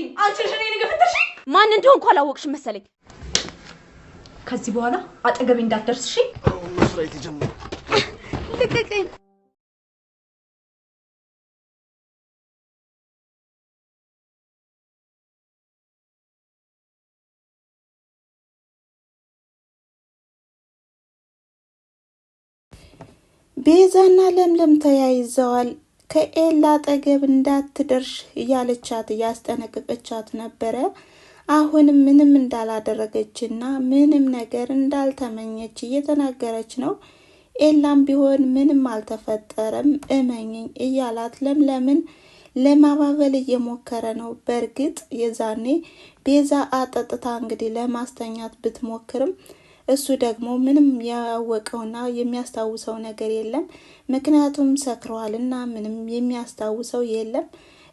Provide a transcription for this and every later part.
የምትይኝ? ማን እንደሆንኩ አላወቅሽም መሰለኝ። ከዚህ በኋላ አጠገቤ እንዳትደርስ እሺ? ልቀቀኝ። ቤዛና ለምለም ተያይዘዋል። ከኤላ አጠገብ እንዳትደርሽ እያለቻት እያስጠነቅቀቻት ነበረ። አሁንም ምንም እንዳላደረገችና ምንም ነገር እንዳልተመኘች እየተናገረች ነው። ኤላም ቢሆን ምንም አልተፈጠረም እመኝኝ እያላት ለምለምን ለማባበል እየሞከረ ነው። በእርግጥ የዛኔ ቤዛ አጠጥታ እንግዲህ ለማስተኛት ብትሞክርም እሱ ደግሞ ምንም ያወቀውና የሚያስታውሰው ነገር የለም። ምክንያቱም ሰክረዋል እና ምንም የሚያስታውሰው የለም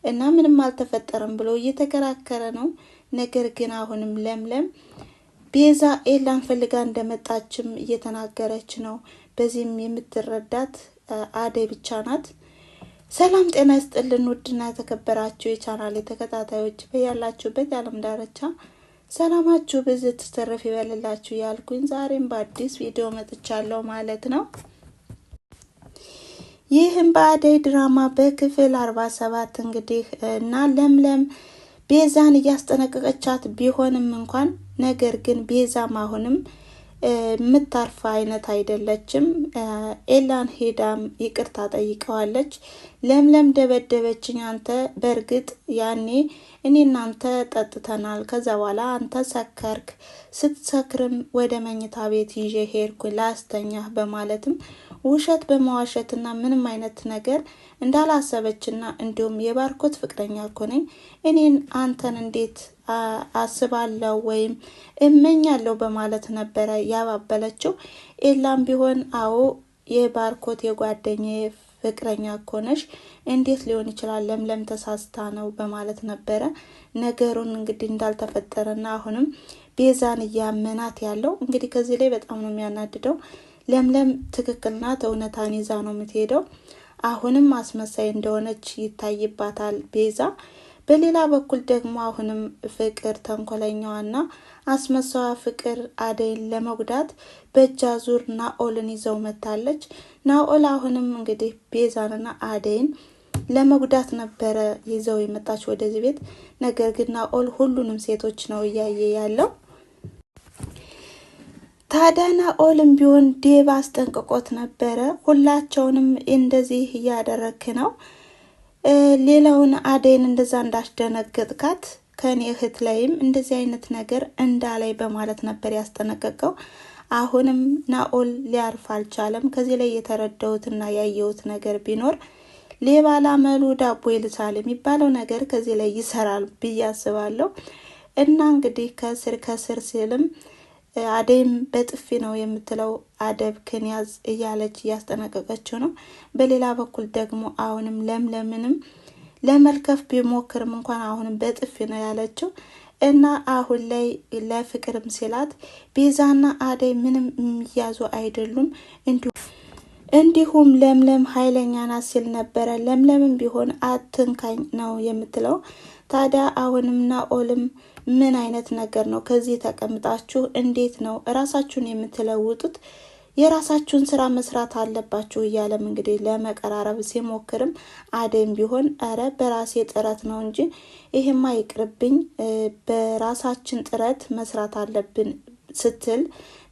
እና ምንም አልተፈጠረም ብሎ እየተከራከረ ነው። ነገር ግን አሁንም ለምለም ቤዛ ኤላን ፈልጋ እንደመጣችም እየተናገረች ነው። በዚህም የምትረዳት አደይ ብቻ ናት። ሰላም ጤና ይስጥልን ውድና የተከበራችሁ የቻናል የተከታታዮች በያላችሁበት የዓለም ዳርቻ ሰላማችሁ ብዝት ትተረፍ ይበልላችሁ ያልኩኝ ዛሬም በአዲስ ቪዲዮ መጥቻለሁ ማለት ነው። ይህም በአደይ ድራማ በክፍል አርባ ሰባት እንግዲህ እና ለምለም ቤዛን እያስጠነቀቀቻት ቢሆንም እንኳን ነገር ግን ቤዛም አሁንም የምታርፋ አይነት አይደለችም። ኤላን ሄዳም ይቅርታ ጠይቀዋለች። ለምለም ደበደበችኝ። አንተ በእርግጥ ያኔ እኔ እናንተ ጠጥተናል። ከዛ በኋላ አንተ ሰከርክ። ስትሰክርም ወደ መኝታ ቤት ይዤ ሄድኩ ላስተኛህ በማለትም ውሸት በመዋሸትና ምንም አይነት ነገር እንዳላሰበችና እንዲሁም የባርኮት ፍቅረኛ እኮ ነኝ እኔን አንተን እንዴት አስባለው ወይም እመኛለሁ በማለት ነበረ ያባበለችው። ኤላም ቢሆን አዎ የባርኮት የጓደኛ ፍቅረኛ ኮነሽ እንዴት ሊሆን ይችላል? ለምለም ተሳስታ ነው በማለት ነበረ ነገሩን እንግዲህ እንዳልተፈጠረና አሁንም ቤዛን እያመናት ያለው እንግዲህ ከዚህ ላይ በጣም ነው የሚያናድደው። ለምለም ትክክልና እውነታን ይዛ ነው የምትሄደው። አሁንም አስመሳይ እንደሆነች ይታይባታል ቤዛ በሌላ በኩል ደግሞ አሁንም ፍቅር ተንኮለኛዋና አስመሳዋ ፍቅር አደይን ለመጉዳት በእጃ ዙር ናኦልን ይዘው መታለች። ናኦል አሁንም እንግዲህ ቤዛንና አደይን ለመጉዳት ነበረ ይዘው የመጣች ወደዚህ ቤት። ነገር ግን ናኦል ሁሉንም ሴቶች ነው እያየ ያለው። ታዲያ ናኦልም ቢሆን ዴብ አስጠንቅቆት ነበረ። ሁላቸውንም እንደዚህ እያደረክ ነው ሌላውን አደይን እንደዛ እንዳስደነገጥካት ከኔ እህት ላይም እንደዚህ አይነት ነገር እንዳላይ በማለት ነበር ያስጠነቀቀው። አሁንም ናኦል ሊያርፍ አልቻለም። ከዚህ ላይ የተረዳሁትና ያየሁት ነገር ቢኖር ሌባ ላመሉ ዳቦ ይልሳል የሚባለው ነገር ከዚህ ላይ ይሰራል ብዬ አስባለሁ። እና እንግዲህ ከስር ከስር ሲልም አደይም በጥፊ ነው የምትለው። አደብ ክንያዝ እያለች እያስጠነቀቀችው ነው። በሌላ በኩል ደግሞ አሁንም ለምለምንም ለመልከፍ ቢሞክርም እንኳን አሁንም በጥፊ ነው ያለችው እና አሁን ላይ ለፍቅርም ሲላት ቤዛና አደይ ምንም የሚያዙ አይደሉም እንዲሁ እንዲሁም ለምለም ኃይለኛ ናት ሲል ነበረ። ለምለምም ቢሆን አትንካኝ ነው የምትለው። ታዲያ አሁንም ናኦልም ምን አይነት ነገር ነው ከዚህ ተቀምጣችሁ እንዴት ነው እራሳችሁን የምትለውጡት? የራሳችሁን ስራ መስራት አለባችሁ እያለም እንግዲህ ለመቀራረብ ሲሞክርም አደም ቢሆን እረ በራሴ ጥረት ነው እንጂ ይሄማ ይቅርብኝ፣ በራሳችን ጥረት መስራት አለብን ስትል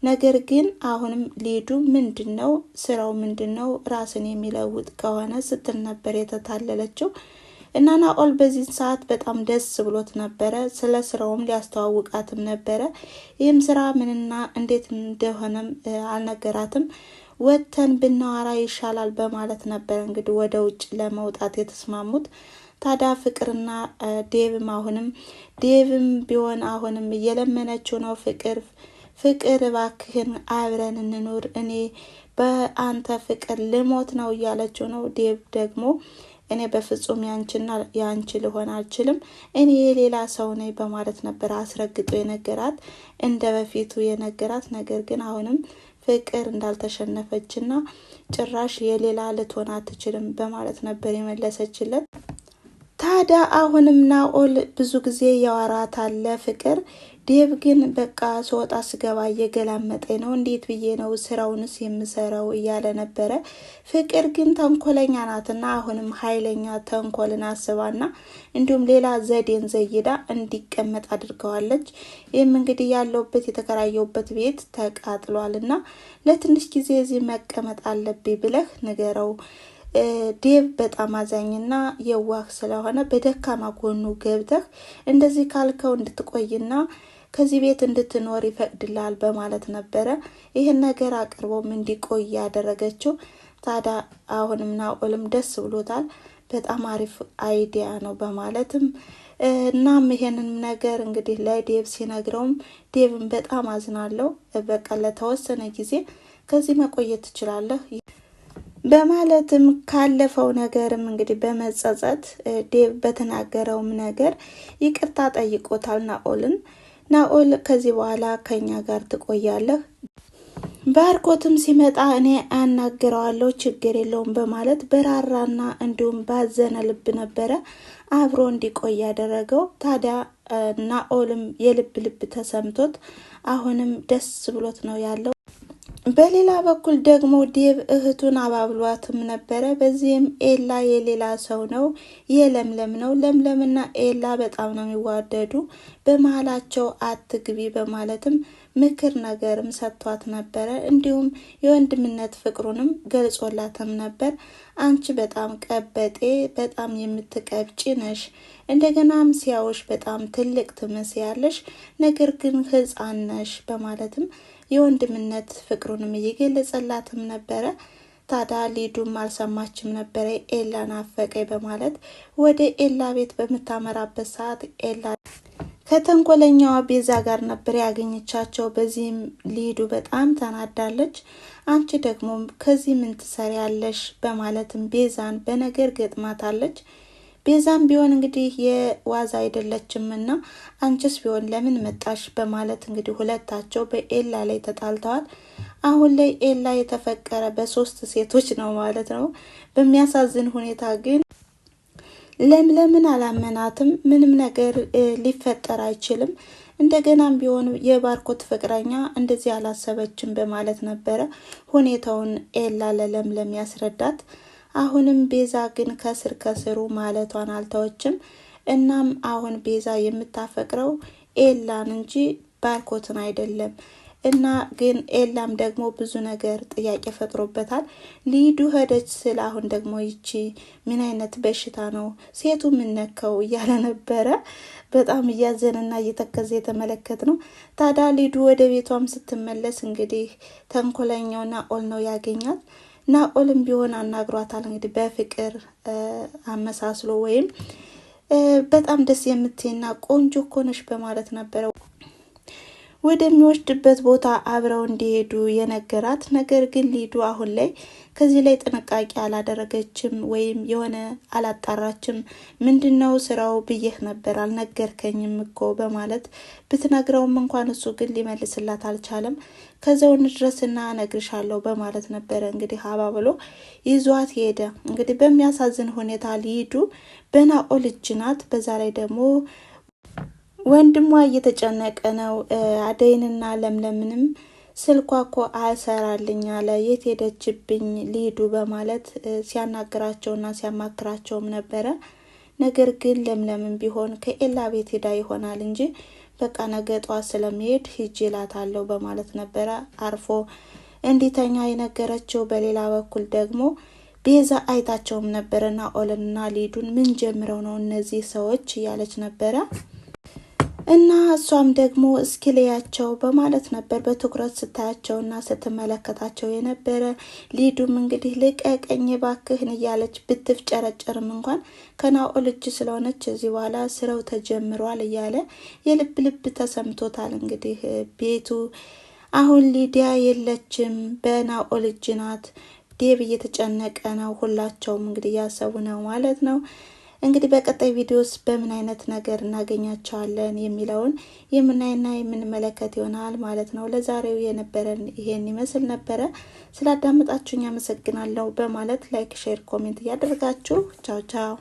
ነገር ግን አሁንም ሊዱ ምንድን ነው ስራው ምንድን ነው ራስን የሚለውጥ ከሆነ ስትል ነበር የተታለለችው። እና ናኦል በዚህ ሰዓት በጣም ደስ ብሎት ነበረ። ስለ ስራውም ሊያስተዋውቃትም ነበረ። ይህም ስራ ምንና እንዴት እንደሆነም አልነገራትም። ወተን ብናወራ ይሻላል በማለት ነበረ እንግዲህ ወደ ውጭ ለመውጣት የተስማሙት። ታዲያ ፍቅርና ዴቭም አሁንም ዴቭም ቢሆን አሁንም እየለመነችው ነው ፍቅር ፍቅር እባክህን አብረን እንኑር፣ እኔ በአንተ ፍቅር ልሞት ነው እያለችው ነው። ዴቭ ደግሞ እኔ በፍጹም ያንቺና ያንቺ ልሆን አልችልም፣ እኔ የሌላ ሰው ነኝ በማለት ነበር አስረግጦ የነገራት እንደ በፊቱ የነገራት። ነገር ግን አሁንም ፍቅር እንዳልተሸነፈችና ጭራሽ የሌላ ልትሆን አትችልም በማለት ነበር የመለሰችለት። ታዲያ አሁንም ናኦል ብዙ ጊዜ ያወራታል ፍቅር። ዴብ ግን በቃ ስወጣ ስገባ እየገላመጠ ነው፣ እንዴት ብዬ ነው ስራውንስ የምሰራው እያለ ነበረ። ፍቅር ግን ተንኮለኛ ናትና አሁንም ኃይለኛ ተንኮልን አስባና እንዲሁም ሌላ ዘዴን ዘይዳ እንዲቀመጥ አድርገዋለች። ይህም እንግዲህ ያለውበት የተከራየውበት ቤት ተቃጥሏልና ለትንሽ ጊዜ እዚህ መቀመጥ አለብኝ ብለህ ንገረው ዴቭ በጣም አዛኝና የዋህ ስለሆነ በደካማ ጎኑ ገብተህ እንደዚህ ካልከው እንድትቆይና ከዚህ ቤት እንድትኖር ይፈቅድላል በማለት ነበረ ይህን ነገር አቅርቦም እንዲቆይ ያደረገችው። ታዲያ አሁንም ናኦልም ደስ ብሎታል። በጣም አሪፍ አይዲያ ነው በማለትም እናም ይሄንን ነገር እንግዲህ ለዴቭ ሲነግረውም ዴቭን በጣም አዝናለው በቃ ለተወሰነ ጊዜ ከዚህ መቆየት ትችላለህ በማለትም ካለፈው ነገርም እንግዲህ በመጸጸት ዴቭ በተናገረውም ነገር ይቅርታ ጠይቆታል ናኦልን። ናኦል ከዚህ በኋላ ከኛ ጋር ትቆያለህ፣ ባርኮትም ሲመጣ እኔ አናግረዋለሁ፣ ችግር የለውም በማለት በራራና እንዲሁም ባዘነ ልብ ነበረ አብሮ እንዲቆይ ያደረገው። ታዲያ ናኦልም የልብ ልብ ተሰምቶት አሁንም ደስ ብሎት ነው ያለው። በሌላ በኩል ደግሞ ዴብ እህቱን አባብሏትም ነበረ። በዚህም ኤላ የሌላ ሰው ነው፣ የለምለም ነው። ለምለምና ኤላ በጣም ነው የሚዋደዱ፣ በመሀላቸው አትግቢ በማለትም ምክር ነገርም ሰጥቷት ነበረ። እንዲሁም የወንድምነት ፍቅሩንም ገልጾላትም ነበር። አንቺ በጣም ቀበጤ፣ በጣም የምትቀብጪ ነሽ፣ እንደገናም ሲያውሽ በጣም ትልቅ ትመስያለሽ፣ ነገር ግን ህፃን ነሽ በማለትም የወንድምነት ፍቅሩንም እየገለጸላትም ነበረ። ታዲያ ሊዱም አልሰማችም ነበረ። ኤላን አፈቀ በማለት ወደ ኤላ ቤት በምታመራበት ሰዓት ኤላ ከተንኮለኛዋ ቤዛ ጋር ነበር ያገኘቻቸው። በዚህም ሊዱ በጣም ተናዳለች። አንቺ ደግሞ ከዚህ ምን ትሰሪያለሽ? በማለትም ቤዛን በነገር ገጥማታለች። ቤዛም ቢሆን እንግዲህ የዋዛ አይደለችም እና አንቺስ ቢሆን ለምን መጣሽ በማለት እንግዲህ ሁለታቸው በኤላ ላይ ተጣልተዋል። አሁን ላይ ኤላ የተፈቀረ በሶስት ሴቶች ነው ማለት ነው። በሚያሳዝን ሁኔታ ግን ለምለምን አላመናትም። ምንም ነገር ሊፈጠር አይችልም። እንደገናም ቢሆን የባርኮት ፍቅረኛ እንደዚህ አላሰበችም በማለት ነበረ ሁኔታውን ኤላ ለለምለም ያስረዳት። አሁንም ቤዛ ግን ከስር ከስሩ ማለቷን አልተወችም። እናም አሁን ቤዛ የምታፈቅረው ኤላን እንጂ ባርኮትን አይደለም። እና ግን ኤላም ደግሞ ብዙ ነገር ጥያቄ ፈጥሮበታል። ሊዱ ሄደች ስል አሁን ደግሞ ይቺ ምን አይነት በሽታ ነው ሴቱ ምነከው እያለ ነበረ። በጣም እያዘነና እየተከዘ የተመለከት ነው። ታዲያ ሊዱ ወደ ቤቷም ስትመለስ እንግዲህ ተንኮለኛውና ኦል ነው ያገኛል። ናኦልም ቢሆን አናግሯታል። እንግዲህ በፍቅር አመሳስሎ ወይም በጣም ደስ የምትይና ቆንጆ እኮ ነሽ በማለት ነበረ ወደሚወስድበት ቦታ አብረው እንዲሄዱ የነገራት ነገር ግን ሊዱ አሁን ላይ ከዚህ ላይ ጥንቃቄ አላደረገችም ወይም የሆነ አላጣራችም። ምንድን ነው ስራው ብዬህ ነበር አልነገርከኝም እኮ በማለት ብትነግረውም እንኳን እሱ ግን ሊመልስላት አልቻለም። ከዛው እንድረስና እነግርሻለሁ በማለት ነበረ እንግዲህ አባብሎ ይዟት ሄደ። እንግዲህ በሚያሳዝን ሁኔታ ሊዱ በናኦል እጅ ናት። በዛ ላይ ደግሞ ወንድሟ እየተጨነቀ ነው። አደይንና ለምለምንም ስልኳ እኮ አያሰራልኝ አለ የት ሄደችብኝ ሊሄዱ በማለት ሲያናግራቸውና ሲያማክራቸውም ነበረ። ነገር ግን ለምለምን ቢሆን ከኤላ ቤት ሄዳ ይሆናል እንጂ በቃ ነገ ጠዋት ስለሚሄድ ሂጅ እላታለሁ በማለት ነበረ አርፎ እንዲተኛ የነገረችው። በሌላ በኩል ደግሞ ቤዛ አይታቸውም ነበረና ኦለንና ሊዱን ምን ጀምረው ነው እነዚህ ሰዎች እያለች ነበረ። እና እሷም ደግሞ እስኪለያቸው በማለት ነበር በትኩረት ስታያቸው ና ስትመለከታቸው የነበረ። ሊዱም እንግዲህ ልቀቀኝ ባክህን እያለች ብትፍጨረጨርም እንኳን ከናኦል እጅ ስለሆነች እዚህ በኋላ ስራው ተጀምሯል እያለ የልብ ልብ ተሰምቶታል። እንግዲህ ቤቱ አሁን ሊዲያ የለችም፣ በናኦል እጅ ናት። ዴብ እየተጨነቀ ነው። ሁላቸውም እንግዲህ እያሰቡ ነው ማለት ነው። እንግዲህ በቀጣይ ቪዲዮስ በምን አይነት ነገር እናገኛቸዋለን የሚለውን የምናይና የምንመለከት ይሆናል ማለት ነው። ለዛሬው የነበረን ይሄን ይመስል ነበረ። ስላዳመጣችሁኝ አመሰግናለሁ በማለት ላይክ፣ ሼር፣ ኮሜንት እያደረጋችሁ ቻው ቻው።